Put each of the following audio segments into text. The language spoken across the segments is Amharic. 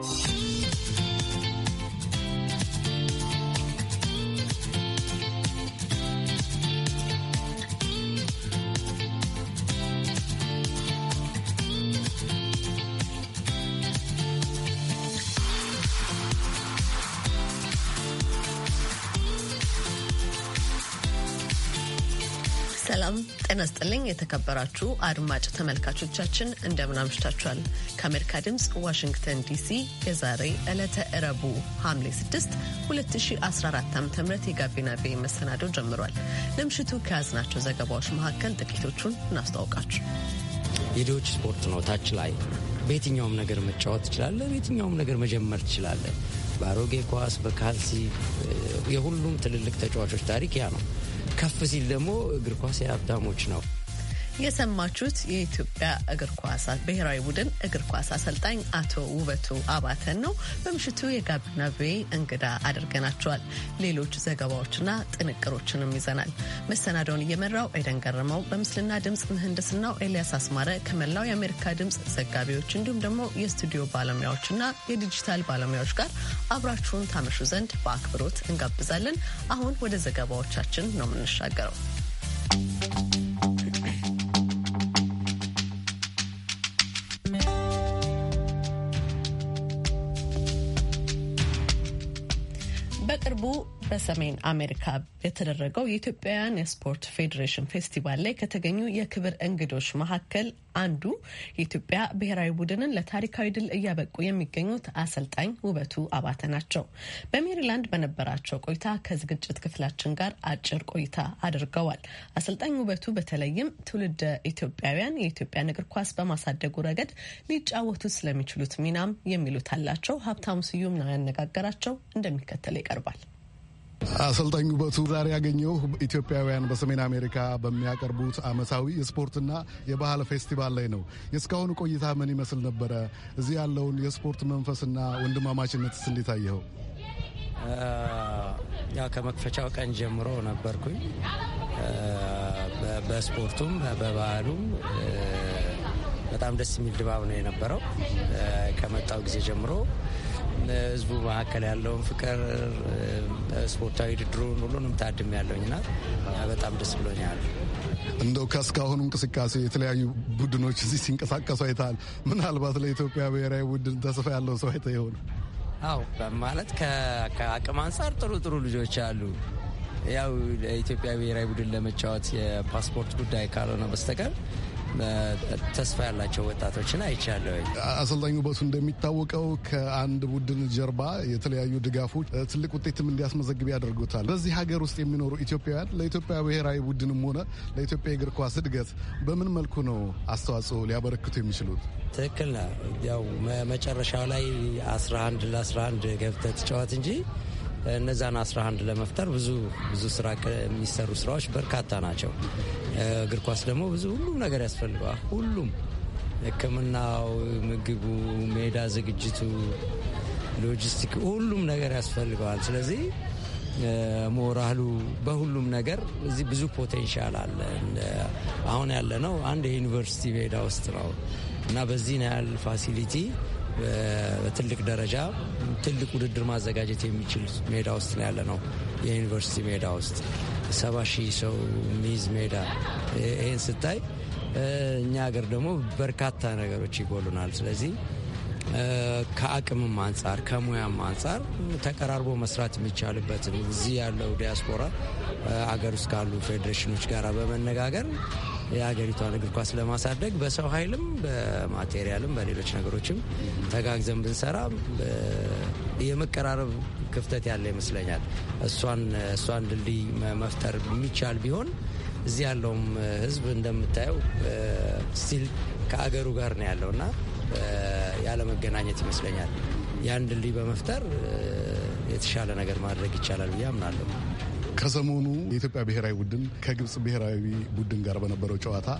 you ጤና ስጥልኝ የተከበራችሁ አድማጭ ተመልካቾቻችን እንደምን አምሽታችኋል። ከአሜሪካ ድምፅ ዋሽንግተን ዲሲ የዛሬ ዕለተ እረቡ ሐምሌ 6 2014 ዓ ም የጋቢና ቤ መሰናዶ ጀምሯል። ለምሽቱ ከያዝናቸው ዘገባዎች መካከል ጥቂቶቹን እናስተዋውቃችሁ። የድዎች ስፖርት ነው። ታች ላይ በየትኛውም ነገር መጫወት ትችላለህ። በየትኛውም ነገር መጀመር ትችላለህ። በአሮጌ ኳስ፣ በካልሲ የሁሉም ትልልቅ ተጫዋቾች ታሪክ ያ ነው። ከፍ ሲል ደግሞ እግር ኳስ የሀብታሞች ነው። የሰማችሁት የኢትዮጵያ እግር ኳስ ብሔራዊ ቡድን እግር ኳስ አሰልጣኝ አቶ ውበቱ አባተን ነው። በምሽቱ የጋቢና ቪ እንግዳ አድርገናቸዋል። ሌሎች ዘገባዎችና ጥንቅሮችንም ይዘናል። መሰናዳውን እየመራው ኤደን ገረመው፣ በምስልና ድምፅ ምህንድስናው ኤልያስ አስማረ ከመላው የአሜሪካ ድምፅ ዘጋቢዎች እንዲሁም ደግሞ የስቱዲዮ ባለሙያዎችና የዲጂታል ባለሙያዎች ጋር አብራችሁን ታመሹ ዘንድ በአክብሮት እንጋብዛለን። አሁን ወደ ዘገባዎቻችን ነው የምንሻገረው። በሰሜን አሜሪካ የተደረገው የኢትዮጵያውያን የስፖርት ፌዴሬሽን ፌስቲቫል ላይ ከተገኙ የክብር እንግዶች መካከል አንዱ የኢትዮጵያ ብሔራዊ ቡድንን ለታሪካዊ ድል እያበቁ የሚገኙት አሰልጣኝ ውበቱ አባተ ናቸው። በሜሪላንድ በነበራቸው ቆይታ ከዝግጅት ክፍላችን ጋር አጭር ቆይታ አድርገዋል። አሰልጣኝ ውበቱ በተለይም ትውልደ ኢትዮጵያውያን የኢትዮጵያን እግር ኳስ በማሳደጉ ረገድ ሊጫወቱት ስለሚችሉት ሚናም የሚሉት አላቸው። ሀብታሙ ስዩም ነው ያነጋገራቸው፣ እንደሚከተለው ይቀርባል። አሰልጣኝ ውበቱ ዛሬ ያገኘው ኢትዮጵያውያን በሰሜን አሜሪካ በሚያቀርቡት ዓመታዊ የስፖርትና የባህል ፌስቲቫል ላይ ነው። የእስካሁኑ ቆይታ ምን ይመስል ነበረ? እዚህ ያለውን የስፖርት መንፈስና ወንድማማችነትስ እንዴት አየኸው? ያው ከመክፈቻው ቀን ጀምሮ ነበርኩኝ። በስፖርቱም በባህሉም በጣም ደስ የሚል ድባብ ነው የነበረው ከመጣው ጊዜ ጀምሮ ህዝቡ መካከል ያለውን ፍቅር፣ ስፖርታዊ ውድድሩን ሁሉንም ታድም ያለውኝና በጣም ደስ ብሎኛል። እንደው ከእስካሁኑ እንቅስቃሴ የተለያዩ ቡድኖች እዚህ ሲንቀሳቀሱ አይተሃል። ምናልባት ለኢትዮጵያ ብሔራዊ ቡድን ተስፋ ያለው ሰው አይተ ይሆን? አዎ፣ ማለት ከአቅም አንጻር ጥሩ ጥሩ ልጆች አሉ። ያው ለኢትዮጵያ ብሔራዊ ቡድን ለመጫወት የፓስፖርት ጉዳይ ካልሆነ በስተቀር ተስፋ ያላቸው ወጣቶችን አይቻለሁ። አሰልጣኝ ውበቱ እንደሚታወቀው ከአንድ ቡድን ጀርባ የተለያዩ ድጋፎች ትልቅ ውጤትም እንዲያስመዘግብ ያደርጉታል። በዚህ ሀገር ውስጥ የሚኖሩ ኢትዮጵያውያን ለኢትዮጵያ ብሔራዊ ቡድንም ሆነ ለኢትዮጵያ የእግር ኳስ እድገት በምን መልኩ ነው አስተዋጽኦ ሊያበረክቱ የሚችሉት? ትክክል ነው። ያው መጨረሻው ላይ 11 ለ11 ገብተህ ትጫወት እንጂ እነዛን 11 ለመፍጠር ብዙ ብዙ ስራ የሚሰሩ ስራዎች በርካታ ናቸው። እግር ኳስ ደግሞ ብዙ ሁሉም ነገር ያስፈልገዋል። ሁሉም ሕክምናው፣ ምግቡ፣ ሜዳ ዝግጅቱ፣ ሎጂስቲክ ሁሉም ነገር ያስፈልገዋል። ስለዚህ ሞራሉ በሁሉም ነገር እዚህ ብዙ ፖቴንሻል አለ። አሁን ያለ ነው አንድ የዩኒቨርሲቲ ሜዳ ውስጥ ነው እና በዚህ ያህል ፋሲሊቲ በትልቅ ደረጃ ትልቅ ውድድር ማዘጋጀት የሚችል ሜዳ ውስጥ ነው ያለ ነው። የዩኒቨርሲቲ ሜዳ ውስጥ ሰባ ሺህ ሰው ሚዝ ሜዳ ይህን ስታይ እኛ ሀገር ደግሞ በርካታ ነገሮች ይጎሉናል። ስለዚህ ከአቅምም አንጻር ከሙያም አንጻር ተቀራርቦ መስራት የሚቻልበትን እዚህ ያለው ዲያስፖራ አገር ውስጥ ካሉ ፌዴሬሽኖች ጋር በመነጋገር የሀገሪቷን እግር ኳስ ለማሳደግ በሰው ኃይልም በማቴሪያልም በሌሎች ነገሮችም ተጋግዘን ብንሰራ የመቀራረብ ክፍተት ያለ ይመስለኛል። እሷን እሷን ድልድይ መፍጠር የሚቻል ቢሆን እዚህ ያለውም ሕዝብ እንደምታየው ስቲል ከአገሩ ጋር ነው ያለው እና ያለመገናኘት ይመስለኛል ያን ድልድይ በመፍጠር የተሻለ ነገር ማድረግ ይቻላል ብዬ አምናለሁ። ከሰሞኑ የኢትዮጵያ ብሔራዊ ቡድን ከግብፅ ብሔራዊ ቡድን ጋር በነበረው ጨዋታ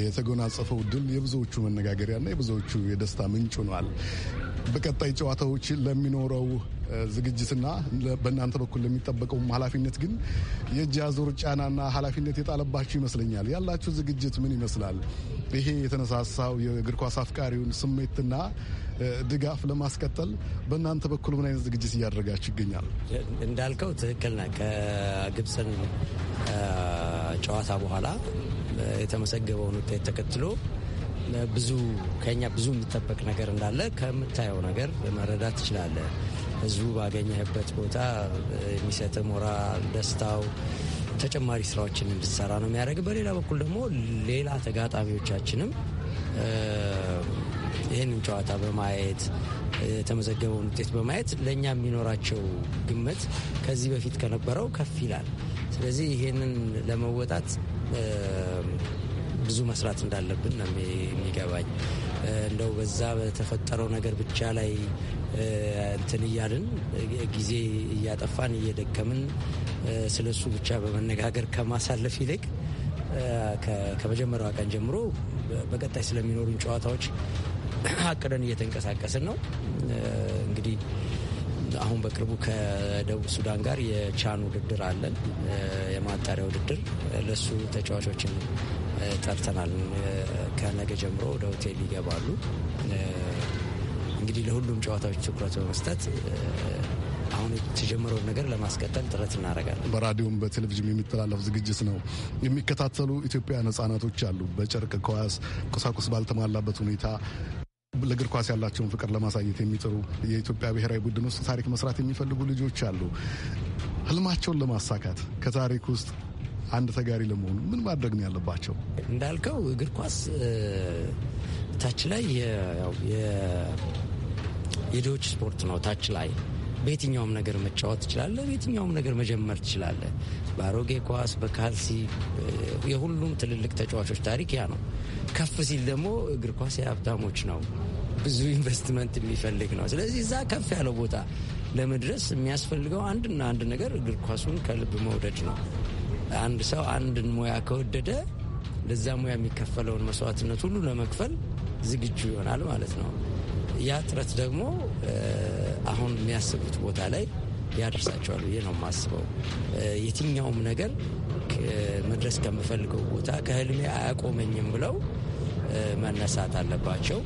የተጎናጸፈው ድል የብዙዎቹ መነጋገሪያና የብዙዎቹ የደስታ ምንጭ ሆኗል። በቀጣይ ጨዋታዎች ለሚኖረው ዝግጅትና በእናንተ በኩል ለሚጠበቀውም ኃላፊነት ግን የእጅ አዙር ጫናና ኃላፊነት የጣለባችሁ ይመስለኛል። ያላችሁ ዝግጅት ምን ይመስላል? ይሄ የተነሳሳው የእግር ኳስ አፍቃሪውን ስሜትና ድጋፍ ለማስቀጠል በእናንተ በኩል ምን አይነት ዝግጅት እያደረጋችሁ ይገኛል? እንዳልከው ትክክል ነህ። ከግብፅን ጨዋታ በኋላ የተመዘገበውን ውጤት ተከትሎ ብዙ ከኛ ብዙ የሚጠበቅ ነገር እንዳለ ከምታየው ነገር መረዳት ትችላለህ። ህዝቡ ባገኘህበት ቦታ የሚሰጥ ሞራል፣ ደስታው ተጨማሪ ስራዎችን እንድትሰራ ነው የሚያደርግ። በሌላ በኩል ደግሞ ሌላ ተጋጣሚዎቻችንም ይህንን ጨዋታ በማየት የተመዘገበውን ውጤት በማየት ለእኛ የሚኖራቸው ግምት ከዚህ በፊት ከነበረው ከፍ ይላል። ስለዚህ ይህንን ለመወጣት ብዙ መስራት እንዳለብን ነው የሚገባኝ። እንደው በዛ በተፈጠረው ነገር ብቻ ላይ እንትን እያልን ጊዜ እያጠፋን እየደከምን ስለ እሱ ብቻ በመነጋገር ከማሳለፍ ይልቅ ከመጀመሪያዋ ቀን ጀምሮ በቀጣይ ስለሚኖሩን ጨዋታዎች አቅደን እየተንቀሳቀስን ነው። እንግዲህ አሁን በቅርቡ ከደቡብ ሱዳን ጋር የቻን ውድድር አለን፣ የማጣሪያ ውድድር። ለሱ ተጫዋቾችን ጠርተናል። ከነገ ጀምሮ ወደ ሆቴል ይገባሉ። እንግዲህ ለሁሉም ጨዋታዎች ትኩረት በመስጠት አሁን የተጀመረውን ነገር ለማስቀጠል ጥረት እናደርጋለን። በራዲዮም በቴሌቪዥን የሚተላለፍ ዝግጅት ነው። የሚከታተሉ ኢትዮጵያውያን ህጻናቶች አሉ። በጨርቅ ኳስ ቁሳቁስ ባልተሟላበት ሁኔታ ለእግር ኳስ ያላቸውን ፍቅር ለማሳየት የሚጥሩ የኢትዮጵያ ብሔራዊ ቡድን ውስጥ ታሪክ መስራት የሚፈልጉ ልጆች አሉ። ህልማቸውን ለማሳካት ከታሪክ ውስጥ አንድ ተጋሪ ለመሆኑ ምን ማድረግ ነው ያለባቸው? እንዳልከው እግር ኳስ ታች ላይ የድሆች ስፖርት ነው። ታች ላይ በየትኛውም ነገር መጫወት ትችላለህ። በየትኛውም ነገር መጀመር ትችላለህ። በአሮጌ ኳስ፣ በካልሲ የሁሉም ትልልቅ ተጫዋቾች ታሪክ ያ ነው። ከፍ ሲል ደግሞ እግር ኳስ የሀብታሞች ነው፣ ብዙ ኢንቨስትመንት የሚፈልግ ነው። ስለዚህ እዛ ከፍ ያለው ቦታ ለመድረስ የሚያስፈልገው አንድና አንድ ነገር እግር ኳሱን ከልብ መውደድ ነው። አንድ ሰው አንድን ሙያ ከወደደ ለዛ ሙያ የሚከፈለውን መስዋዕትነት ሁሉ ለመክፈል ዝግጁ ይሆናል ማለት ነው። ያ ጥረት ደግሞ አሁን የሚያስቡት ቦታ ላይ ያደርሳቸዋል ብዬ ነው የማስበው። የትኛውም ነገር መድረስ ከምፈልገው ቦታ ከህልሜ አያቆመኝም ብለው መነሳት አለባቸው።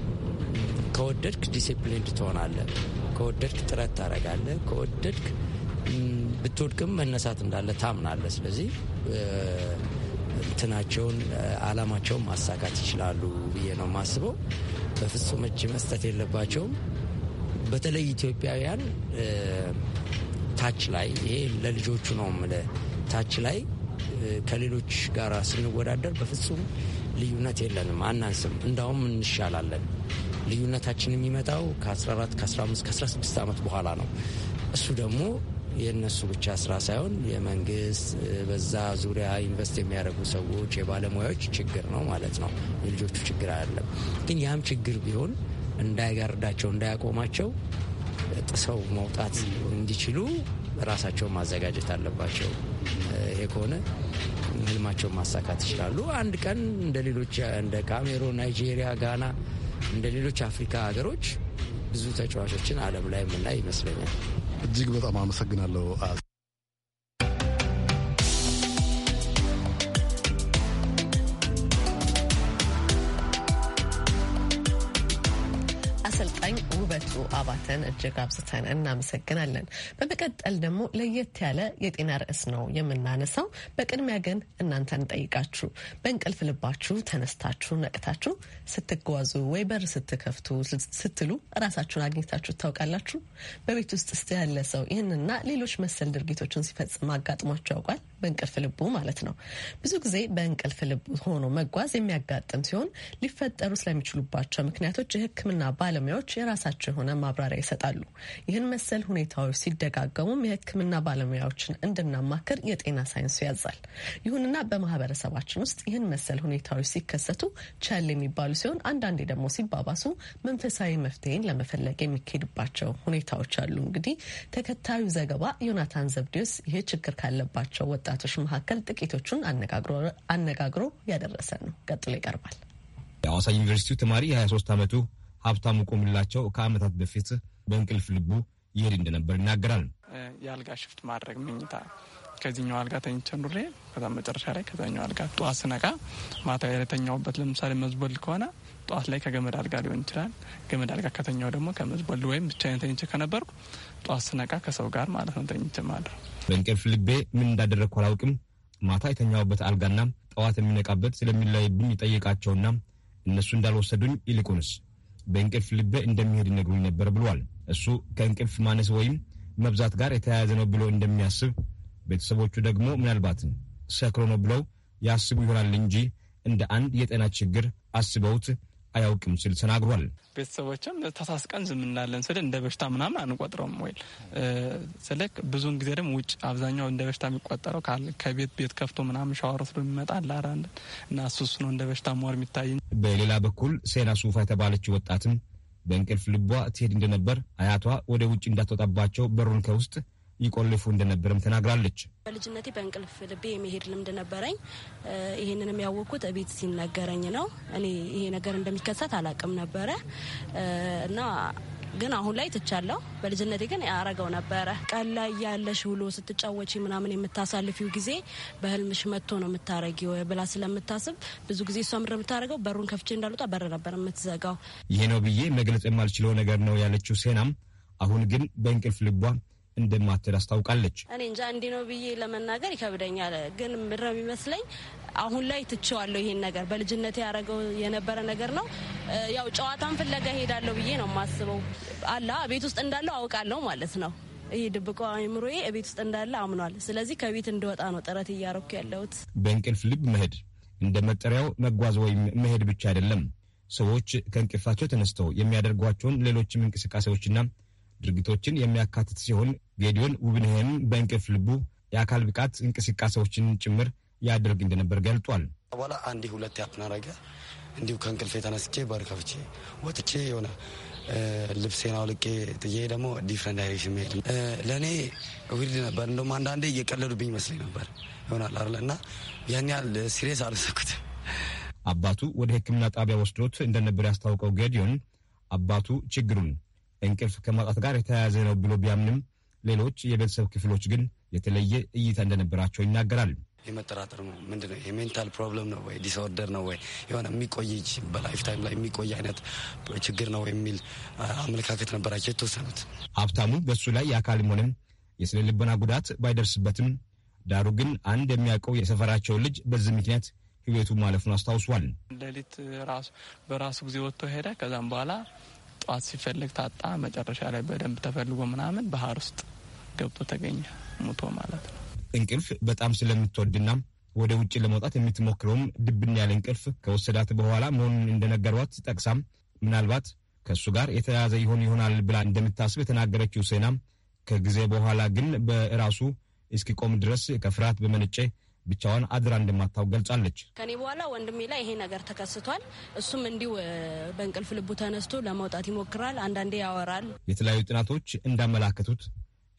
ከወደድክ ዲሲፕሊን ትሆናለህ። ከወደድክ ጥረት ታደርጋለህ። ከወደድክ ብትወድቅም መነሳት እንዳለ ታምናለህ። ስለዚህ እንትናቸውን አላማቸውን ማሳካት ይችላሉ ብዬ ነው የማስበው። በፍጹም እጅ መስጠት የለባቸውም። በተለይ ኢትዮጵያውያን ታች ላይ ይሄ ለልጆቹ ነው የምልህ ታች ላይ ከሌሎች ጋር ስንወዳደር በፍጹም ልዩነት የለንም፣ አናንስም፣ እንዳውም እንሻላለን። ልዩነታችን የሚመጣው ከ14 ከ15 ከ16 ዓመት በኋላ ነው። እሱ ደግሞ የእነሱ ብቻ ስራ ሳይሆን የመንግስት በዛ ዙሪያ ኢንቨስት የሚያደርጉ ሰዎች፣ የባለሙያዎች ችግር ነው ማለት ነው። የልጆቹ ችግር አይደለም። ግን ያም ችግር ቢሆን እንዳይጋርዳቸው፣ እንዳያቆማቸው ጥሰው መውጣት እንዲችሉ ራሳቸውን ማዘጋጀት አለባቸው። ይሄ ከሆነ ህልማቸውን ማሳካት ይችላሉ። አንድ ቀን እንደ ሌሎች እንደ ካሜሮን፣ ናይጄሪያ፣ ጋና እንደ ሌሎች አፍሪካ ሀገሮች ብዙ ተጫዋቾችን ዓለም ላይ የምናይ ይመስለኛል። እጅግ በጣም አመሰግናለሁ። ስለተወያየን እጅግ አብዝተን እናመሰግናለን። በመቀጠል ደግሞ ለየት ያለ የጤና ርዕስ ነው የምናነሳው። በቅድሚያ ግን እናንተን ጠይቃችሁ በእንቅልፍ ልባችሁ ተነስታችሁ ነቅታችሁ ስትጓዙ ወይ በር ስትከፍቱ ስትሉ ራሳችሁን አግኝታችሁ ታውቃላችሁ? በቤት ውስጥ ስ ያለ ሰው ይህንና ሌሎች መሰል ድርጊቶችን ሲፈጽም አጋጥሟቸው ያውቃል? በእንቅልፍ ልቡ ማለት ነው። ብዙ ጊዜ በእንቅልፍ ልቡ ሆኖ መጓዝ የሚያጋጥም ሲሆን ሊፈጠሩ ስለሚችሉባቸው ምክንያቶች የሕክምና ባለሙያዎች የራሳቸው የሆነ ማብራሪያ ይሰጣሉ። ይህን መሰል ሁኔታዎች ሲደጋገሙም የሕክምና ባለሙያዎችን እንድናማክር የጤና ሳይንሱ ያዛል። ይሁንና በማህበረሰባችን ውስጥ ይህን መሰል ሁኔታዎች ሲከሰቱ ቸል የሚባሉ ሲሆን አንዳንዴ ደግሞ ሲባባሱ መንፈሳዊ መፍትሄን ለመፈለግ የሚካሄድባቸው ሁኔታዎች አሉ። እንግዲህ ተከታዩ ዘገባ ዮናታን ዘብዴዎስ ይህ ችግር ካለባቸው ወጣ ወጣቶች መካከል ጥቂቶቹን አነጋግሮ ያደረሰ ነው። ቀጥሎ ይቀርባል። የአዋሳ ዩኒቨርሲቲው ተማሪ የ23 ዓመቱ ሀብታሙ ቆምላቸው ከዓመታት በፊት በእንቅልፍ ልቡ ይሄድ እንደነበር ይናገራል። የአልጋ ሽፍት ማድረግ መኝታ ከዚህኛው አልጋ ተኝቼ ኑሬ ከዛም መጨረሻ ላይ ከዛኛው አልጋ ጠዋት ስነቃ ማታ የተኛውበት ለምሳሌ መዝበል ከሆነ ጠዋት ላይ ከገመድ አልጋ ሊሆን ይችላል። ገመድ አልጋ ከተኛው ደግሞ ከመዝበል ወይም ብቻዬን ተኝቼ ከነበርኩ ጠዋት ስነቃ ከሰው ጋር ማለት ነው ተኝቼ ማድረግ በእንቅልፍ ልቤ ምን እንዳደረግኩ አላውቅም። ማታ የተኛውበት አልጋና ጠዋት የሚነቃበት ስለሚለይብኝ ይጠይቃቸውና እነሱ እንዳልወሰዱኝ ይልቁንስ በእንቅልፍ ልቤ እንደሚሄድ ይነግሩኝ ነበር ብሏል። እሱ ከእንቅልፍ ማነስ ወይም መብዛት ጋር የተያያዘ ነው ብሎ እንደሚያስብ ቤተሰቦቹ ደግሞ ምናልባትም ሰክሮ ነው ብለው ያስቡ ይሆናል እንጂ እንደ አንድ የጤና ችግር አስበውት አያውቅም ሲል ተናግሯል። ቤተሰቦችም ተሳስቀን ዝም እናለን ስል እንደ በሽታ ምናምን አንቆጥረውም ወይል ስለ ብዙውን ጊዜ ደግሞ ውጭ አብዛኛው እንደ በሽታ የሚቆጠረው ከቤት ቤት ከፍቶ ምናምን ሻወር ወስዶ የሚመጣ አላራንድ እና እሱ ነው እንደ በሽታ መር የሚታይ። በሌላ በኩል ሴና ሱፋ የተባለች ወጣትም በእንቅልፍ ልቧ ትሄድ እንደነበር አያቷ ወደ ውጭ እንዳትወጣባቸው በሩን ከውስጥ ይቆልፉ እንደነበረም ተናግራለች። በልጅነቴ በእንቅልፍ ልቤ የመሄድ ልምድ ነበረኝ። ይህንንም ያወቅኩት እቤት ሲነገረኝ ነው። እኔ ይሄ ነገር እንደሚከሰት አላቅም ነበረ እና ግን አሁን ላይ ትቻለሁ። በልጅነቴ ግን ያረገው ነበረ። ቀን ላይ ያለሽ ውሎ ስትጫወች ምናምን የምታሳልፊው ጊዜ በህልምሽ መጥቶ ነው የምታረጊው ብላ ስለምታስብ ብዙ ጊዜ እሷ ምድር የምታደርገው በሩን ከፍቼ እንዳልወጣ በር ነበር የምትዘጋው። ይህ ነው ብዬ መግለጽ የማልችለው ነገር ነው ያለችው ሴናም አሁን ግን በእንቅልፍ ልቧ እንደማትል አስታውቃለች። እኔ እንጃ እንዲህ ነው ብዬ ለመናገር ይከብደኛል። ግን ምድረው የሚመስለኝ አሁን ላይ ትችዋለሁ። ይሄን ነገር በልጅነት ያደረገው የነበረ ነገር ነው። ያው ጨዋታን ፍለጋ ሄዳለሁ ብዬ ነው የማስበው። አላ ቤት ውስጥ እንዳለው አውቃለሁ ማለት ነው። ይህ ድብቆ አእምሮዬ ቤት ውስጥ እንዳለ አምኗል። ስለዚህ ከቤት እንደወጣ ነው ጥረት እያረኩ ያለሁት። በእንቅልፍ ልብ መሄድ እንደ መጠሪያው መጓዝ ወይም መሄድ ብቻ አይደለም። ሰዎች ከእንቅልፋቸው ተነስተው የሚያደርጓቸውን ሌሎችም እንቅስቃሴዎችና ድርጊቶችን የሚያካትት ሲሆን ጌዲዮን ውብንሄም በእንቅልፍ ልቡ የአካል ብቃት እንቅስቃሴዎችን ጭምር ያደርግ እንደነበር ገልጧል። በኋላ አንድ ሁለት ያፍናረገ እንዲሁ ከእንቅልፍ የተነስቼ በር ከፍቼ ወጥቼ የሆነ ልብሴን አውልቄ ጥዬ ደግሞ ዲፍረንት ዳይሬክሽን መሄድ ለእኔ ዊርድ ነበር። እንደውም አንዳንዴ እየቀለዱብኝ ይመስለኝ ነበር ይሆናል አለ እና ያን ያህል ሲሬስ አልሰኩት። አባቱ ወደ ሕክምና ጣቢያ ወስዶት እንደነበር ያስታውቀው ጌዲዮን አባቱ ችግሩን እንቅልፍ ከማጣት ጋር የተያያዘ ነው ብሎ ቢያምንም ሌሎች የቤተሰብ ክፍሎች ግን የተለየ እይታ እንደነበራቸው ይናገራል። የመጠራጠር ነው ምንድን ነው የሜንታል ፕሮብለም ነው ወይ ዲስኦርደር ነው ወይ የሆነ የሚቆይ በላይፍ ታይም ላይ የሚቆይ አይነት ችግር ነው የሚል አመለካከት ነበራቸው የተወሰኑት። ሀብታሙ በሱ ላይ የአካልም ሆነም የስነ ልቦና ጉዳት ባይደርስበትም ዳሩ ግን አንድ የሚያውቀው የሰፈራቸው ልጅ በዚህ ምክንያት ህይወቱ ማለፉን አስታውሷል። ሌሊት በራሱ ጊዜ ወጥቶ ሄደ። ከዛም በኋላ ጠዋት ሲፈልግ ታጣ፣ መጨረሻ ላይ በደንብ ተፈልጎ ምናምን ባህር ውስጥ ገብቶ ተገኘ ሙቶ ማለት ነው። እንቅልፍ በጣም ስለምትወድና ወደ ውጭ ለመውጣት የምትሞክረውም ድብን ያለ እንቅልፍ ከወሰዳት በኋላ መሆኑን እንደነገሯት ጠቅሳም ምናልባት ከእሱ ጋር የተያያዘ ይሆን ይሆናል ብላ እንደምታስብ የተናገረችው ሴና ከጊዜ በኋላ ግን በራሱ እስኪቆም ድረስ ከፍርሃት በመነጨ ብቻዋን አድራ እንደማታው ገልጻለች። ከኔ በኋላ ወንድሜ ላይ ይሄ ነገር ተከስቷል። እሱም እንዲሁ በእንቅልፍ ልቡ ተነስቶ ለመውጣት ይሞክራል። አንዳንዴ ያወራል። የተለያዩ ጥናቶች እንዳመላከቱት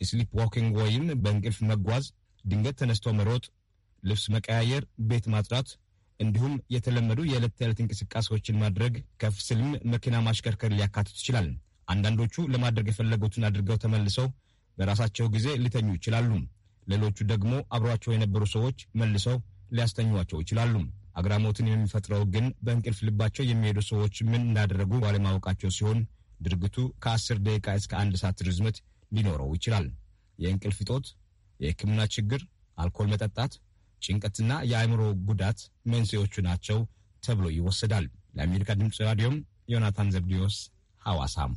ስሊፕ ዋኪንግ ወይም በእንቅልፍ መጓዝ ድንገት ተነስቶ መሮጥ፣ ልብስ መቀያየር፣ ቤት ማጽዳት እንዲሁም የተለመዱ የዕለት ተዕለት እንቅስቃሴዎችን ማድረግ ከፍ ስልም መኪና ማሽከርከር ሊያካትት ይችላል። አንዳንዶቹ ለማድረግ የፈለጉትን አድርገው ተመልሰው በራሳቸው ጊዜ ሊተኙ ይችላሉ። ሌሎቹ ደግሞ አብሯቸው የነበሩ ሰዎች መልሰው ሊያስተኟቸው ይችላሉ። አግራሞትን የሚፈጥረው ግን በእንቅልፍ ልባቸው የሚሄዱ ሰዎች ምን እንዳደረጉ ባለማወቃቸው ሲሆን ድርጊቱ ከአስር ደቂቃ እስከ አንድ ሰዓት ርዝመት ሊኖረው ይችላል። የእንቅልፍ እጦት፣ የሕክምና ችግር፣ አልኮል መጠጣት፣ ጭንቀትና የአእምሮ ጉዳት መንስኤዎቹ ናቸው ተብሎ ይወሰዳል። ለአሜሪካ ድምፅ ራዲዮም ዮናታን ዘብዲዮስ ሐዋሳም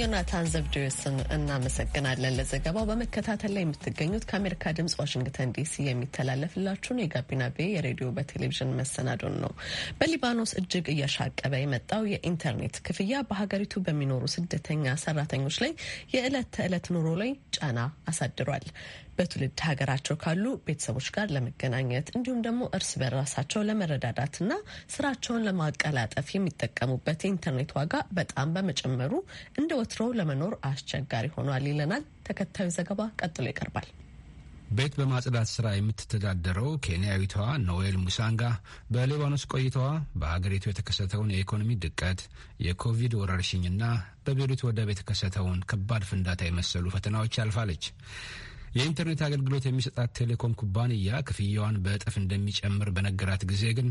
ዮናታን ዘብዴዎስን እናመሰግናለን ለዘገባው። በመከታተል ላይ የምትገኙት ከአሜሪካ ድምጽ ዋሽንግተን ዲሲ የሚተላለፍላችሁን የጋቢና ቤ የሬዲዮ በቴሌቪዥን መሰናዶን ነው። በሊባኖስ እጅግ እያሻቀበ የመጣው የኢንተርኔት ክፍያ በሀገሪቱ በሚኖሩ ስደተኛ ሰራተኞች ላይ የዕለት ተዕለት ኑሮ ላይ ጫና አሳድሯል። በትውልድ ሀገራቸው ካሉ ቤተሰቦች ጋር ለመገናኘት እንዲሁም ደግሞ እርስ በራሳቸው ለመረዳዳትና ስራቸውን ለማቀላጠፍ የሚጠቀሙበት የኢንተርኔት ዋጋ በጣም በመጨመሩ እንደ ወትሮው ለመኖር አስቸጋሪ ሆኗል ይለናል። ተከታዩ ዘገባ ቀጥሎ ይቀርባል። ቤት በማጽዳት ስራ የምትተዳደረው ኬንያዊቷ ኖዌል ሙሳንጋ በሊባኖስ ቆይታዋ በሀገሪቱ የተከሰተውን የኢኮኖሚ ድቀት፣ የኮቪድ ወረርሽኝና በቤሩት ወደብ የተከሰተውን ከባድ ፍንዳታ የመሰሉ ፈተናዎች አልፋለች። የኢንተርኔት አገልግሎት የሚሰጣት ቴሌኮም ኩባንያ ክፍያዋን በእጥፍ እንደሚጨምር በነገራት ጊዜ ግን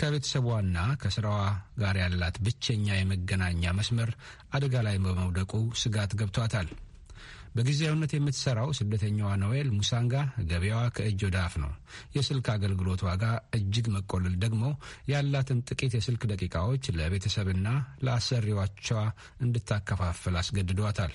ከቤተሰቧና ከስራዋ ጋር ያላት ብቸኛ የመገናኛ መስመር አደጋ ላይ በመውደቁ ስጋት ገብቷታል። በጊዜያዊነት የምትሰራው ስደተኛዋ ኖዌል ሙሳንጋ ገበያዋ ከእጅ ወደ አፍ ነው። የስልክ አገልግሎት ዋጋ እጅግ መቆለል ደግሞ ያላትን ጥቂት የስልክ ደቂቃዎች ለቤተሰብና ለአሰሪዋቿ እንድታከፋፍል አስገድዷታል።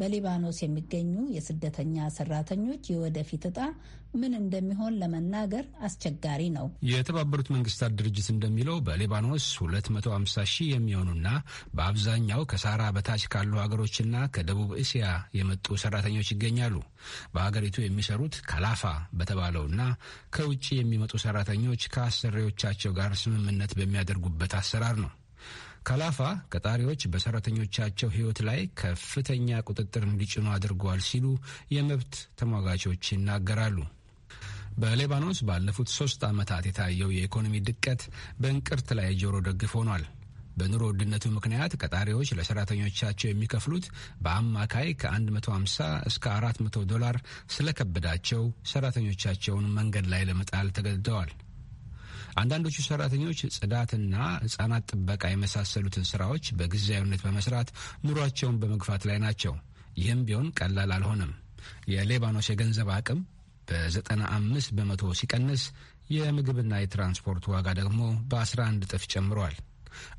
በሊባኖስ የሚገኙ የስደተኛ ሰራተኞች የወደፊት እጣ ምን እንደሚሆን ለመናገር አስቸጋሪ ነው። የተባበሩት መንግስታት ድርጅት እንደሚለው በሊባኖስ 250 ሺህ የሚሆኑና በአብዛኛው ከሳራ በታች ካሉ ሀገሮችና ከደቡብ እስያ የመጡ ሰራተኞች ይገኛሉ። በሀገሪቱ የሚሰሩት ከላፋ በተባለውና ከውጭ የሚመጡ ሰራተኞች ከአሰሪዎቻቸው ጋር ስምምነት በሚያደርጉበት አሰራር ነው። ካላፋ ቀጣሪዎች በሰራተኞቻቸው ሕይወት ላይ ከፍተኛ ቁጥጥር እንዲጭኑ አድርጓል ሲሉ የመብት ተሟጋቾች ይናገራሉ። በሌባኖስ ባለፉት ሶስት ዓመታት የታየው የኢኮኖሚ ድቀት በእንቅርት ላይ ጆሮ ደግፍ ሆኗል። በኑሮ ውድነቱ ምክንያት ቀጣሪዎች ለሰራተኞቻቸው የሚከፍሉት በአማካይ ከ150 እስከ 400 ዶላር ስለከበዳቸው ሰራተኞቻቸውን መንገድ ላይ ለመጣል ተገድደዋል። አንዳንዶቹ ሰራተኞች ጽዳትና ህጻናት ጥበቃ የመሳሰሉትን ስራዎች በጊዜያዊነት በመስራት ኑሯቸውን በመግፋት ላይ ናቸው። ይህም ቢሆን ቀላል አልሆነም። የሌባኖስ የገንዘብ አቅም በ95 በመቶ ሲቀንስ የምግብና የትራንስፖርት ዋጋ ደግሞ በ11 እጥፍ ጨምሯል።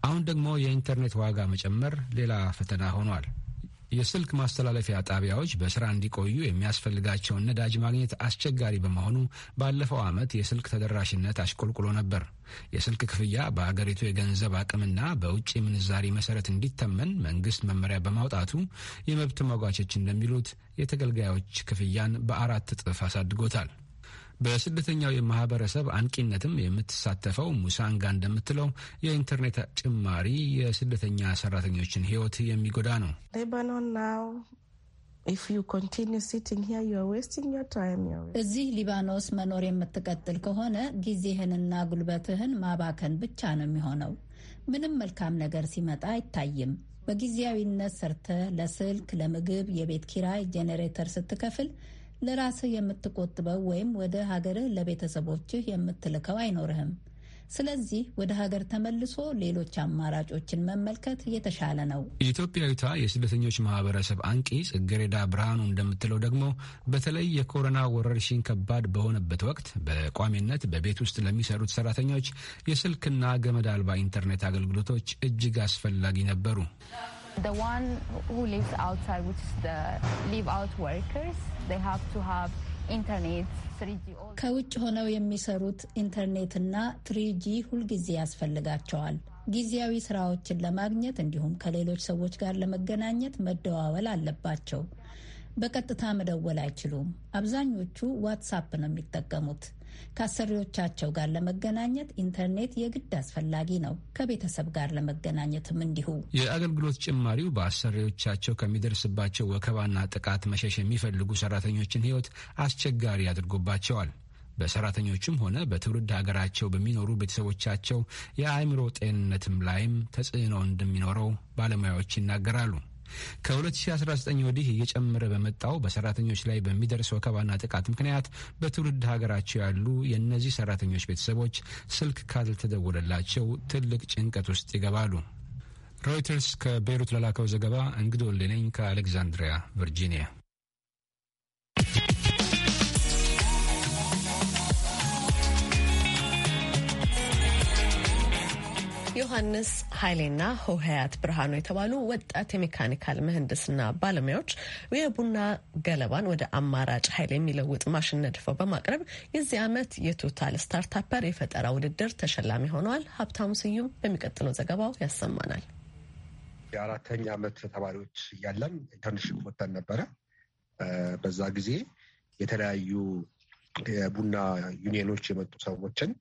አሁን ደግሞ የኢንተርኔት ዋጋ መጨመር ሌላ ፈተና ሆኗል። የስልክ ማስተላለፊያ ጣቢያዎች በስራ እንዲቆዩ የሚያስፈልጋቸውን ነዳጅ ማግኘት አስቸጋሪ በመሆኑ ባለፈው ዓመት የስልክ ተደራሽነት አሽቆልቁሎ ነበር። የስልክ ክፍያ በአገሪቱ የገንዘብ አቅምና በውጭ ምንዛሪ መሰረት እንዲተመን መንግስት መመሪያ በማውጣቱ የመብት ሟጋቾች እንደሚሉት የተገልጋዮች ክፍያን በአራት እጥፍ አሳድጎታል። በስደተኛው የማህበረሰብ አንቂነትም የምትሳተፈው ሙሳንጋ እንደምትለው የኢንተርኔት ጭማሪ የስደተኛ ሰራተኞችን ህይወት የሚጎዳ ነው። እዚህ ሊባኖስ መኖር የምትቀጥል ከሆነ ጊዜህንና ጉልበትህን ማባከን ብቻ ነው የሚሆነው። ምንም መልካም ነገር ሲመጣ አይታይም። በጊዜያዊነት ሰርተ ለስልክ፣ ለምግብ፣ የቤት ኪራይ፣ ጄኔሬተር ስትከፍል ለራስህ የምትቆጥበው ወይም ወደ ሀገርህ ለቤተሰቦችህ የምትልከው አይኖርህም። ስለዚህ ወደ ሀገር ተመልሶ ሌሎች አማራጮችን መመልከት የተሻለ ነው። ኢትዮጵያዊቷ የስደተኞች ማህበረሰብ አንቂ ጽጌረዳ ብርሃኑ እንደምትለው ደግሞ በተለይ የኮሮና ወረርሽኝ ከባድ በሆነበት ወቅት በቋሚነት በቤት ውስጥ ለሚሰሩት ሰራተኞች የስልክና ገመድ አልባ ኢንተርኔት አገልግሎቶች እጅግ አስፈላጊ ነበሩ። The one who lives outside, which is the live out workers, they have to have internet, ከውጭ ሆነው የሚሰሩት ኢንተርኔትና ትሪጂ ሁልጊዜ ያስፈልጋቸዋል። ጊዜያዊ ስራዎችን ለማግኘት እንዲሁም ከሌሎች ሰዎች ጋር ለመገናኘት መደዋወል አለባቸው። በቀጥታ መደወል አይችሉም። አብዛኞቹ ዋትሳፕ ነው የሚጠቀሙት። ከአሰሪዎቻቸው ጋር ለመገናኘት ኢንተርኔት የግድ አስፈላጊ ነው። ከቤተሰብ ጋር ለመገናኘትም እንዲሁ። የአገልግሎት ጭማሪው በአሰሪዎቻቸው ከሚደርስባቸው ወከባና ጥቃት መሸሽ የሚፈልጉ ሰራተኞችን ሕይወት አስቸጋሪ አድርጎባቸዋል። በሰራተኞቹም ሆነ በትውልድ ሀገራቸው በሚኖሩ ቤተሰቦቻቸው የአእምሮ ጤንነትም ላይም ተጽዕኖ እንደሚኖረው ባለሙያዎች ይናገራሉ። ከ2019 ወዲህ እየጨመረ በመጣው በሰራተኞች ላይ በሚደርስ ወከባና ጥቃት ምክንያት በትውልድ ሀገራቸው ያሉ የእነዚህ ሰራተኞች ቤተሰቦች ስልክ ካልተደወለላቸው ትልቅ ጭንቀት ውስጥ ይገባሉ። ሮይተርስ ከቤይሩት ለላከው ዘገባ እንግዶ ወልዴ ከአሌግዛንድሪያ ከአሌክዛንድሪያ ቨርጂኒያ። ዮሐንስ ኃይሌና ሆሀያት ብርሃኑ የተባሉ ወጣት የሜካኒካል ምህንድስና ባለሙያዎች የቡና ገለባን ወደ አማራጭ ኃይል የሚለውጥ ማሽን ነድፈው በማቅረብ የዚህ ዓመት የቶታል ስታርታፐር የፈጠራ ውድድር ተሸላሚ ሆነዋል። ሀብታሙ ስዩም በሚቀጥለው ዘገባው ያሰማናል። የአራተኛ ዓመት ተማሪዎች እያለን ኢንተርንሽፕ ወጥተን ነበረ። በዛ ጊዜ የተለያዩ የቡና ዩኒየኖች የመጡ ሰዎችን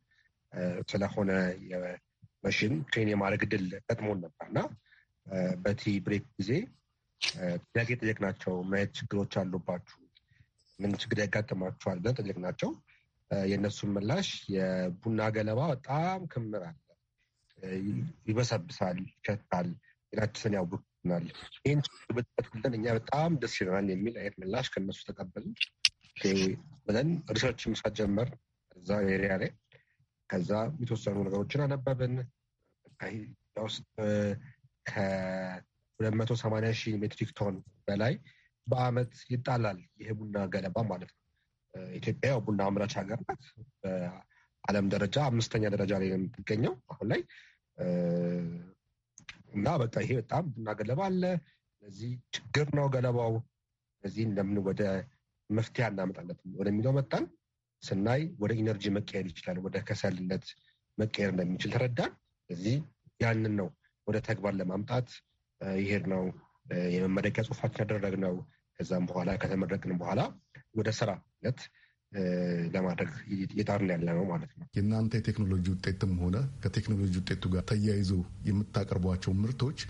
ስለሆነ መሽን ትሬን የማድረግ ድል ገጥሞን ነበር እና በቲ ብሬክ ጊዜ ጥያቄ ጠየቅናቸው። ምን አይነት ችግሮች አሉባችሁ፣ ምን ችግር ያጋጥማችኋል ብለን ጠየቅናቸው። የእነሱን ምላሽ የቡና ገለባ በጣም ክምር አለ፣ ይበሰብሳል፣ ይሸታል፣ ጤናችንን ያውብናል። ይህን ችግር ብትፈቱልን እኛ በጣም ደስ ይለናል የሚል አይነት ምላሽ ከእነሱ ተቀበልን ብለን ሪሰርች ምሳት ጀመር እዛ ኤሪያ ላይ ከዛ የተወሰኑ ነገሮችን አነበብን። ከኢትዮጵያ ውስጥ ከ280 ሺህ ሜትሪክ ቶን በላይ በአመት ይጣላል። ይሄ ቡና ገለባ ማለት ነው። ኢትዮጵያ ቡና አምራች ሀገር ናት። በዓለም ደረጃ አምስተኛ ደረጃ ላይ ነው የምትገኘው አሁን ላይ እና በቃ ይሄ በጣም ቡና ገለባ አለ። ለዚህ ችግር ነው ገለባው። ለዚህ እንደምን ወደ መፍትያ እናመጣለን ወደሚለው መጣን ስናይ ወደ ኢነርጂ መቀየር ይችላል፣ ወደ ከሰልነት መቀየር እንደሚችል ተረዳን። ስለዚህ ያንን ነው ወደ ተግባር ለማምጣት ይሄድ ነው የመመረቂያ ጽሁፋችን ያደረግነው። ከዛም በኋላ ከተመረቅን በኋላ ወደ ስራነት ለማድረግ የጣርን ያለ ነው ማለት ነው። የእናንተ የቴክኖሎጂ ውጤትም ሆነ ከቴክኖሎጂ ውጤቱ ጋር ተያይዞ የምታቀርቧቸው ምርቶች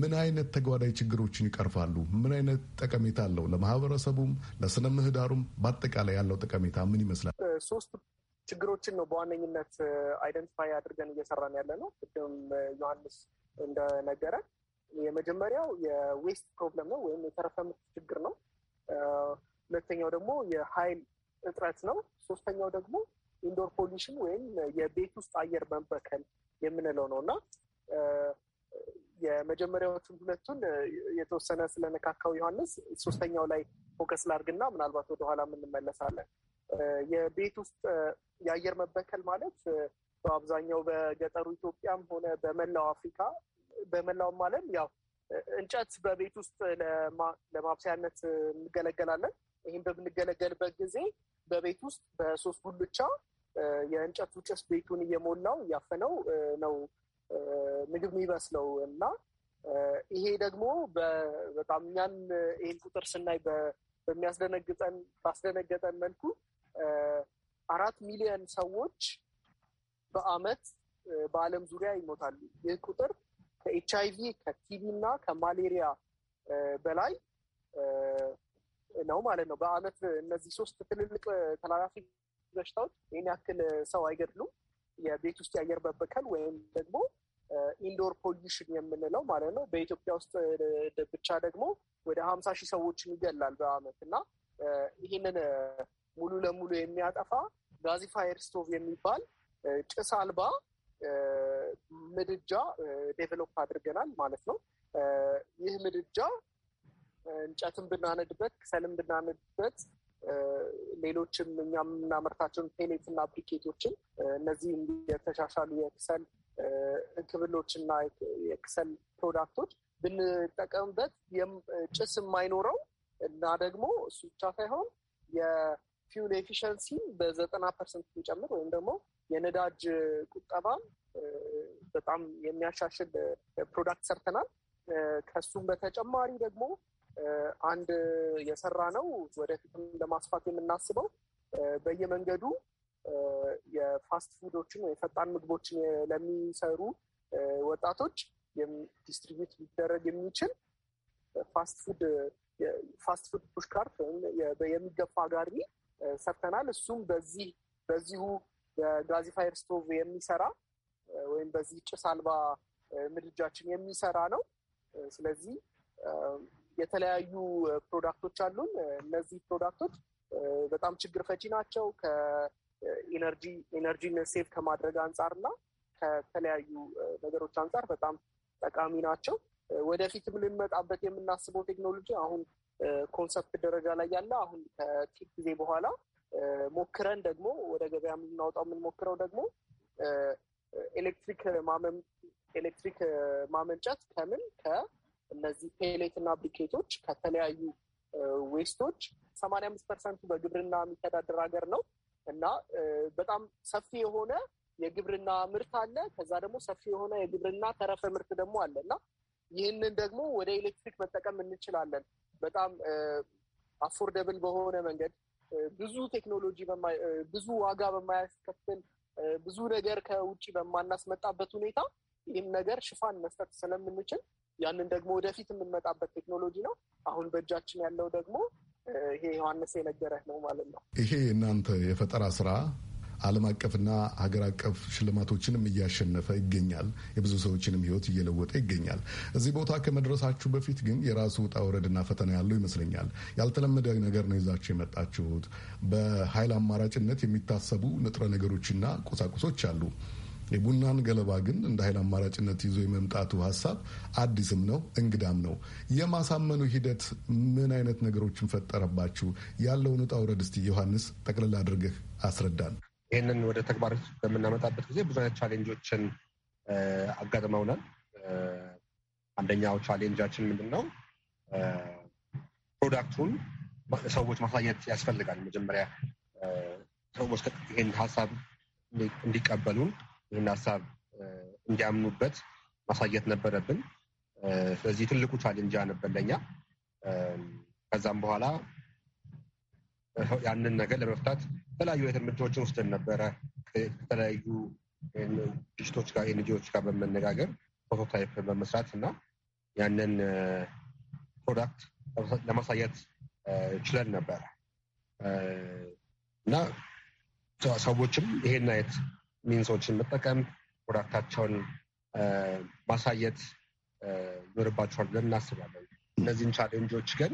ምን አይነት ተጓዳይ ችግሮችን ይቀርፋሉ? ምን አይነት ጠቀሜታ አለው? ለማህበረሰቡም፣ ለስነ ምህዳሩም በአጠቃላይ ያለው ጠቀሜታ ምን ይመስላል? ሶስት ችግሮችን ነው በዋነኝነት አይደንቲፋይ አድርገን እየሰራን ያለ ነው። ቅድም ዮሐንስ እንደነገረ የመጀመሪያው የዌስት ፕሮብለም ነው ወይም የተረፈ ምርት ችግር ነው። ሁለተኛው ደግሞ የኃይል እጥረት ነው። ሶስተኛው ደግሞ ኢንዶር ፖሊሽን ወይም የቤት ውስጥ አየር መበከል የምንለው ነው እና የመጀመሪያዎቹን ሁለቱን የተወሰነ ስለነካካው ዮሐንስ ሶስተኛው ላይ ፎከስ ላድርግና ምናልባት ወደኋላ የምንመለሳለን። የቤት ውስጥ የአየር መበከል ማለት በአብዛኛው በገጠሩ ኢትዮጵያም ሆነ በመላው አፍሪካ በመላውም ዓለም ያው እንጨት በቤት ውስጥ ለማብሰያነት እንገለገላለን። ይህም በምንገለገልበት ጊዜ በቤት ውስጥ በሶስት ጉልቻ የእንጨቱ ጭስ ቤቱን እየሞላው እያፈነው ነው ምግብ የሚበስለው እና ይሄ ደግሞ በጣም እኛን ይህን ቁጥር ስናይ በሚያስደነግጠን ባስደነገጠን መልኩ አራት ሚሊዮን ሰዎች በአመት በአለም ዙሪያ ይሞታሉ። ይህ ቁጥር ከኤች አይቪ ከቲቪ እና ከማሌሪያ በላይ ነው ማለት ነው። በአመት እነዚህ ሶስት ትልልቅ ተላላፊ በሽታዎች ይህን ያክል ሰው አይገድሉም። የቤት ውስጥ የአየር መበከል ወይም ደግሞ ኢንዶር ፖሊሽን የምንለው ማለት ነው። በኢትዮጵያ ውስጥ ብቻ ደግሞ ወደ ሀምሳ ሺህ ሰዎችን ይገላል በአመት እና ይህንን ሙሉ ለሙሉ የሚያጠፋ ጋዚፋየር ስቶቭ የሚባል ጭስ አልባ ምድጃ ዴቨሎፕ አድርገናል ማለት ነው። ይህ ምድጃ እንጨትን ብናነድበት፣ ክሰልን ብናነድበት፣ ሌሎችም እኛ የምናመርታቸውን ፔሌትና ብሪኬቶችን እነዚህም የተሻሻሉ የክሰል እንክብሎችና የክሰል ፕሮዳክቶች ብንጠቀምበት ጭስ የማይኖረው እና ደግሞ እሱ ብቻ ሳይሆን ፊውል ኤፊሽንሲ በዘጠና ፐርሰንት የሚጨምር ወይም ደግሞ የነዳጅ ቁጠባ በጣም የሚያሻሽል ፕሮዳክት ሰርተናል። ከሱም በተጨማሪ ደግሞ አንድ የሰራ ነው ወደፊትም ለማስፋት የምናስበው በየመንገዱ የፋስት ፉዶችን የፈጣን ምግቦችን ለሚሰሩ ወጣቶች ዲስትሪቢዩት ሊደረግ የሚችል ፋስት ፉድ ፋስት ፉድ ፑሽ ካርት ወይም የሚገፋ ጋሪ ሰርተናል። እሱም በዚህ በዚሁ በጋዚፋየር ስቶቭ የሚሰራ ወይም በዚህ ጭስ አልባ ምድጃችን የሚሰራ ነው። ስለዚህ የተለያዩ ፕሮዳክቶች አሉን። እነዚህ ፕሮዳክቶች በጣም ችግር ፈቺ ናቸው ከኢነርጂ ኢነርጂን ሴቭ ከማድረግ አንጻር እና ከተለያዩ ነገሮች አንጻር በጣም ጠቃሚ ናቸው። ወደፊትም ልንመጣበት የምናስበው ቴክኖሎጂ አሁን ኮንሰፕት ደረጃ ላይ ያለ አሁን ከጥቂት ጊዜ በኋላ ሞክረን ደግሞ ወደ ገበያ የምናወጣው የምንሞክረው ደግሞ ኤሌክትሪክ ኤሌክትሪክ ማመንጨት ከምን ከእነዚህ ፔሌት እና ብሪኬቶች ከተለያዩ ዌስቶች ሰማንያ አምስት ፐርሰንቱ በግብርና የሚተዳደር ሀገር ነው እና በጣም ሰፊ የሆነ የግብርና ምርት አለ። ከዛ ደግሞ ሰፊ የሆነ የግብርና ተረፈ ምርት ደግሞ አለ እና ይህንን ደግሞ ወደ ኤሌክትሪክ መጠቀም እንችላለን። በጣም አፎርደብል በሆነ መንገድ ብዙ ቴክኖሎጂ ብዙ ዋጋ በማያስከፍል ብዙ ነገር ከውጭ በማናስመጣበት ሁኔታ ይህን ነገር ሽፋን መስጠት ስለምንችል ያንን ደግሞ ወደፊት የምንመጣበት ቴክኖሎጂ ነው። አሁን በእጃችን ያለው ደግሞ ይሄ ዮሐንስ የነገረህ ነው ማለት ነው። ይሄ እናንተ የፈጠራ ስራ ዓለም አቀፍና ሀገር አቀፍ ሽልማቶችንም እያሸነፈ ይገኛል። የብዙ ሰዎችንም ሕይወት እየለወጠ ይገኛል። እዚህ ቦታ ከመድረሳችሁ በፊት ግን የራሱ ውጣ ውረድና ፈተና ያለው ይመስለኛል። ያልተለመደ ነገር ነው ይዛችሁ የመጣችሁት። በኃይል አማራጭነት የሚታሰቡ ንጥረ ነገሮችና ቁሳቁሶች አሉ። የቡናን ገለባ ግን እንደ ኃይል አማራጭነት ይዞ የመምጣቱ ሀሳብ አዲስም ነው እንግዳም ነው። የማሳመኑ ሂደት ምን አይነት ነገሮችን ፈጠረባችሁ? ያለውን ውጣ ውረድ እስቲ ዮሐንስ ጠቅልላ አድርገህ አስረዳን። ይህንን ወደ ተግባር በምናመጣበት ጊዜ ብዙ አይነት ቻሌንጆችን አጋጥመውናል። አንደኛው ቻሌንጃችን ምንድን ነው? ፕሮዳክቱን ሰዎች ማሳየት ያስፈልጋል። መጀመሪያ ሰዎች ይህን ሀሳብ እንዲቀበሉን ይህን ሀሳብ እንዲያምኑበት ማሳየት ነበረብን። ስለዚህ ትልቁ ቻሌንጅ ነበር ለኛ። ከዛም በኋላ ያንን ነገር ለመፍታት የተለያዩ አይነት እርምጃዎችን ወስደን ነበረ። ከተለያዩ ድርጅቶች ጋር ኤንጂዎች ጋር በመነጋገር ፕሮቶታይፕ በመስራት እና ያንን ፕሮዳክት ለማሳየት ችለን ነበረ እና ሰዎችም ይሄን አይነት ሚንሶችን መጠቀም ፕሮዳክታቸውን ማሳየት ይኖርባቸዋል ብለን እናስባለን። እነዚህን ቻሌንጆች ግን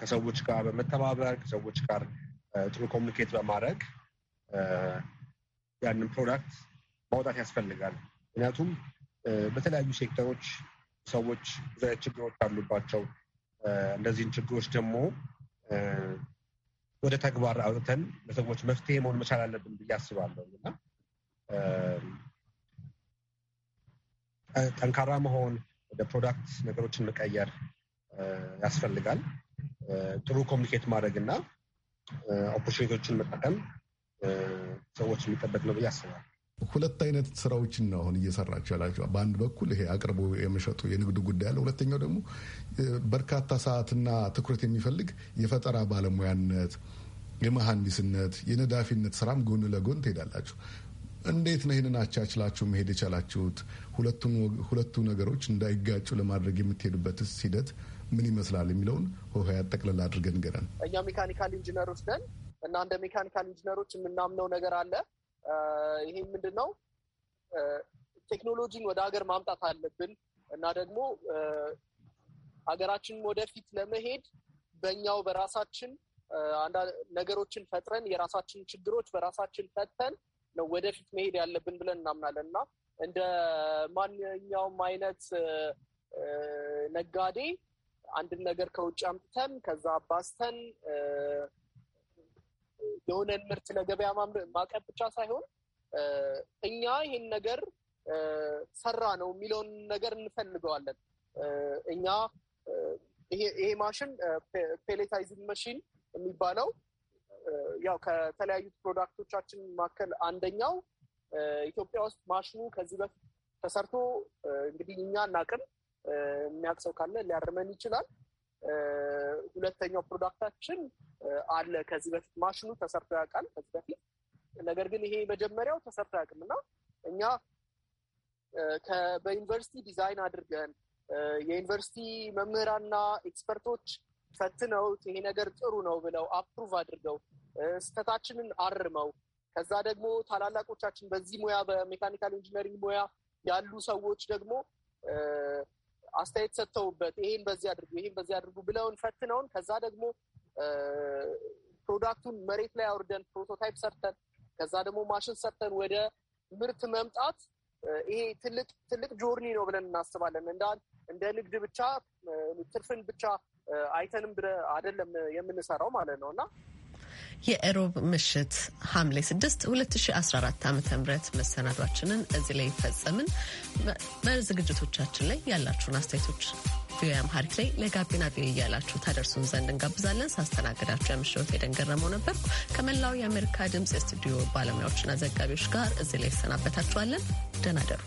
ከሰዎች ጋር በመተባበር ከሰዎች ጋር ጥሩ ኮሚኒኬት በማድረግ ያንን ፕሮዳክት ማውጣት ያስፈልጋል። ምክንያቱም በተለያዩ ሴክተሮች ሰዎች ብዙ ችግሮች አሉባቸው። እነዚህን ችግሮች ደግሞ ወደ ተግባር አውጥተን ለሰዎች መፍትሄ መሆን መቻል አለብን ብዬ አስባለሁ እና ጠንካራ መሆን ወደ ፕሮዳክት ነገሮችን መቀየር ያስፈልጋል። ጥሩ ኮሚኒኬት ማድረግ እና ኦፖርቹኒቲዎችን መጠቀም ሰዎች የሚጠበቅ ነው ብዬ አስባለሁ። ሁለት አይነት ስራዎችን ነው አሁን እየሰራችሁ ያላችሁ። በአንድ በኩል ይሄ አቅርቦ የመሸጡ የንግዱ ጉዳይ አለ። ሁለተኛው ደግሞ በርካታ ሰዓትና ትኩረት የሚፈልግ የፈጠራ ባለሙያነት፣ የመሐንዲስነት፣ የነዳፊነት ስራም ጎን ለጎን ትሄዳላችሁ። እንዴት ነው ይህንን አቻችላችሁ መሄድ የቻላችሁት? ሁለቱ ነገሮች እንዳይጋጩ ለማድረግ የምትሄዱበት ሂደት ምን ይመስላል የሚለውን ሆያ ጠቅለል አድርገን ንገረን። እኛ ሜካኒካል ኢንጂነሮች ነን እና እንደ ሜካኒካል ኢንጂነሮች የምናምነው ነገር አለ። ይሄ ምንድን ነው? ቴክኖሎጂን ወደ ሀገር ማምጣት አለብን እና ደግሞ ሀገራችንን ወደፊት ለመሄድ በእኛው በራሳችን ነገሮችን ፈጥረን የራሳችን ችግሮች በራሳችን ፈተን ነው ወደፊት መሄድ ያለብን ብለን እናምናለን እና እንደ ማንኛውም አይነት ነጋዴ አንድን ነገር ከውጭ አምጥተን ከዛ አባስተን የሆነን ምርት ለገበያ ማቅረብ ብቻ ሳይሆን እኛ ይህን ነገር ሰራ ነው የሚለውን ነገር እንፈልገዋለን። እኛ ይሄ ማሽን ፔሌታይዚንግ መሽን የሚባለው ያው ከተለያዩ ፕሮዳክቶቻችን መካከል አንደኛው ኢትዮጵያ ውስጥ ማሽኑ ከዚህ በፊት ተሰርቶ እንግዲህ እኛ እናቅም የሚያውቅ ሰው ካለ ሊያርመን ይችላል። ሁለተኛው ፕሮዳክታችን አለ። ከዚህ በፊት ማሽኑ ተሰርቶ ያውቃል ከዚህ በፊት ነገር ግን ይሄ መጀመሪያው ተሰርቶ አያውቅም እና እኛ በዩኒቨርሲቲ ዲዛይን አድርገን የዩኒቨርሲቲ መምህራንና ኤክስፐርቶች ፈትነውት ይሄ ነገር ጥሩ ነው ብለው አፕሩቭ አድርገው ስህተታችንን አርመው ከዛ ደግሞ ታላላቆቻችን በዚህ ሙያ በሜካኒካል ኢንጂነሪንግ ሙያ ያሉ ሰዎች ደግሞ አስተያየት ሰጥተውበት ይሄን በዚህ አድርጉ፣ ይሄን በዚህ አድርጉ ብለውን ፈትነውን ከዛ ደግሞ ፕሮዳክቱን መሬት ላይ አውርደን ፕሮቶታይፕ ሰርተን ከዛ ደግሞ ማሽን ሰርተን ወደ ምርት መምጣት ይሄ ትልቅ ትልቅ ጆርኒ ነው ብለን እናስባለን። እንደ ንግድ ብቻ ትርፍን ብቻ አይተንም ብለ አይደለም የምንሰራው ማለት ነው እና የእሮብ ምሽት ሐምሌ 6 2014 ዓ ም መሰናዷችንን እዚህ ላይ ይፈጸምን። በዝግጅቶቻችን ላይ ያላችሁን አስተያየቶች ቪኦኤ አምሃሪክ ላይ ለጋቢና ቪኦኤ እያላችሁ ታደርሱን ዘንድ እንጋብዛለን። ሳስተናግዳችሁ የምሽት ኤደን ገረመው ነበርኩ። ከመላው የአሜሪካ ድምፅ የስቱዲዮ ባለሙያዎችና ዘጋቢዎች ጋር እዚህ ላይ ይሰናበታችኋለን። ደህና ደሩ።